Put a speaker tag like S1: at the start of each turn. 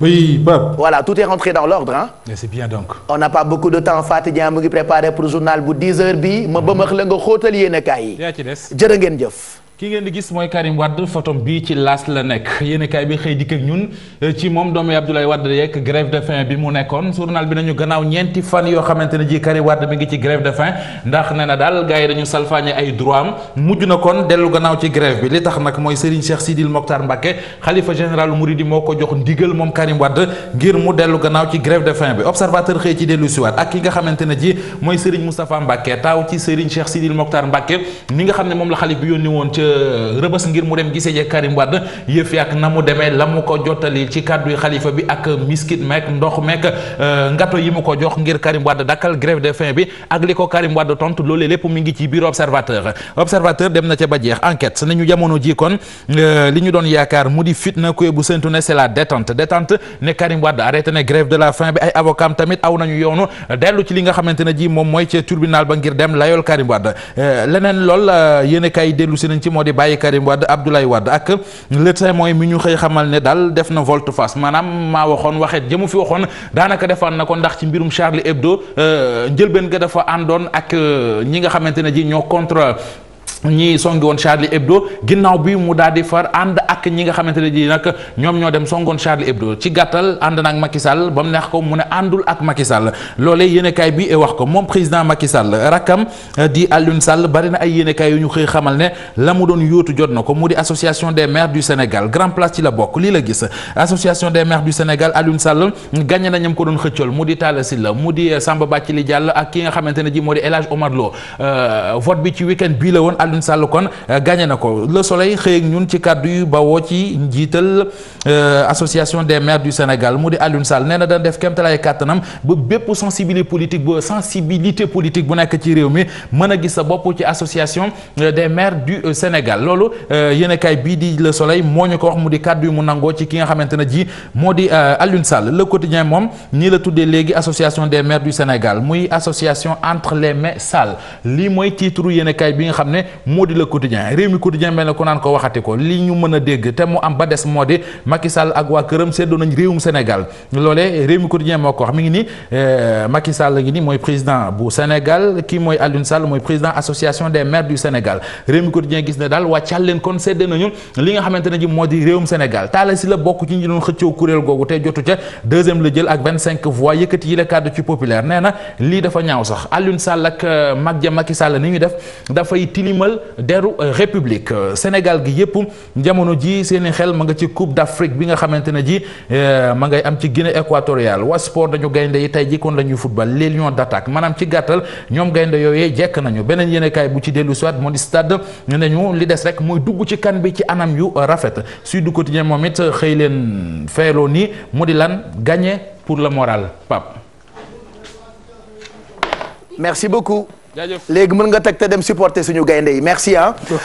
S1: oui Pape. voilà tout est rentré dans l'ordre ah. c'est bien donc. on n'a pas beaucoup de temps Fatou Ndiaye mu ngi préparé pour journal bu 10 bi ma mhm. bëmax la nga xóotal yéen a kaay des jërë ngeen jëf. ki ngeen di gis mooy Karim Wade photom bi ci laas la nekk yéenekaay bi xëy dikk ak ñun eh, ci moom doomu Abdoulaye Wade yeeg grève de faim bi mu nekkoon journal bi nañu gannaaw ñeenti fan yoo xamante ne ji Karim Wade mi ngi ci grève de faim ndax nee na daal mooy Serigne Cheikh Sidil Mokhtar Mbacké xalifa général Mouridi moo ko jox ndigal moom Karim Wade ngir mu dellu gannaaw ci grève de faim bi observateur xëy ci dellu siwaat ak ki nga xamante ne ji mooy Serigne Moustapha Mbacké taaw ci Serigne Cheikh Sidil Mokhtar Mbacké mi nga xam ne moom la xalif bi yónni rëbës ngir mu dem gisee ji Karim Wade yëf yi ak na mu demee la mu ko jottali ci kàddu xalifa bi ak miskit meek ndox meek euh, ngato yi mu ko jox ngir Karim dakkal grève de faim bi ak li ko Karim Wade tontu lépp mu ngi ci biir observateur observateur dem na ca ba jeex enquête nañu jamono ji kon euh, li ñu doon yaakaar mu di fitna koy bu séntu ne c'est la détente détente ne Karim Wade arrêté ne grève de la faim bi ay avocat tamit aw nañu yoonu dellu ba ngir dem a moo di bàyyi Karim Wade Abdoulaye Wade ak le témoin mi ñu xëy xamal ne daal def na volte face maanaam maa waxoon waxet jëmu fi waxoon daanaka defaan na ko ndax ci mbirum Charlie Hebdo euh, njëlbeen ga dafa àndoon ak euh, ñi nga xamante ne ji ñoo contre ñi songi woon Charlie Hebdo ginnaaw bi mu daal di far ànd ak ñi nga xamante ne ji nag ñoom ñoo dem songoon Charlie Hebdo ci gàttal ànd na ak Macky Sall ba mu neex ko mu ne àndul ak Macky Sall loolee yéenekaay bi wax ko moom président Macky Sall rakkam eh, di Alioune Sall bari na ay yéenekaay yu ñu xëy xamal ne la mu doon yóotu jot na ko mu di association des maires du Sénégal grand place ci la bokk lii la gis association des maires du Sénégal Alioune Sall gagné na ko doon xëccool mu di Talla Sylla mu di eh, Samba Bathily ne ji moo di eh, bi ci week-end bii la woon Alioune Sall kon gagné woo ci njiital euh, association des maires du Sénégal mu di Alioune Sall nee na dana def kéemtalaay kàttanam ba bépp sensibilité politique ba sensibilité politique bu nekk ci réew mi mën a gis sa bopp ci association euh, des maires du euh, Sénégal loolu yéenekaay bii di Le Soleil moo ñu ko wax mu di kàddu yu mu nangoo ci ki nga xamante ne ji moo di Alioune Sall Le moom nii la tuddee léegi association des maires du Sénégal muy association entre les maires Sall lii mooy titre yéenekaay bi nga xam ne moo di Le Quotidien réew mi Quotidien mel na ko naan ko waxati ko li ñu mën a dégg dëgg te mu am ba des moo di Macky Sall ak waa këram séddoo nañ réewum Sénégal loolee réew mi quotidien moo ko wax ngi ni euh, Macky Sall ni mooy président bu Sénégal kii mooy Alioune Sall mooy président association des maires du Sénégal réew mi quotidien gis ne daal wàccal leen kon séddee nañu li nga xamante ne ji moo di réewum Sénégal taala si la bokk ci ñi doon xëccoo kuréel googu te jotu ca la jël ak vingt cinq voix yëkkati yi la kàddu ci populaire na lii dafa ñaaw sax Alioune Sall ak euh, mag ja Macky ni ñu def dafay tilimal deru euh, république Sénégal gi yëpp jamono ji ji seen i xel ma nga ci Coupe d'Afrique bi nga xamante ne ji euh, ma ngay am ci Guinée équatoriale waa sport dañu gaynde yi tey ji kon la ñuy football les lions d'attaque ci gàttal ñoom gaynde yooyee jekk nañu beneen yéenekaay bu ci dellu soit moo di stade nañu li des rek mooy dugg ci kan bi ci anam yu rafet Sud Quotidien moom it xëy leen feeloo nii mu di lan gagner pour le moral Pape. merci beaucoup. jaajëf léegi mën nga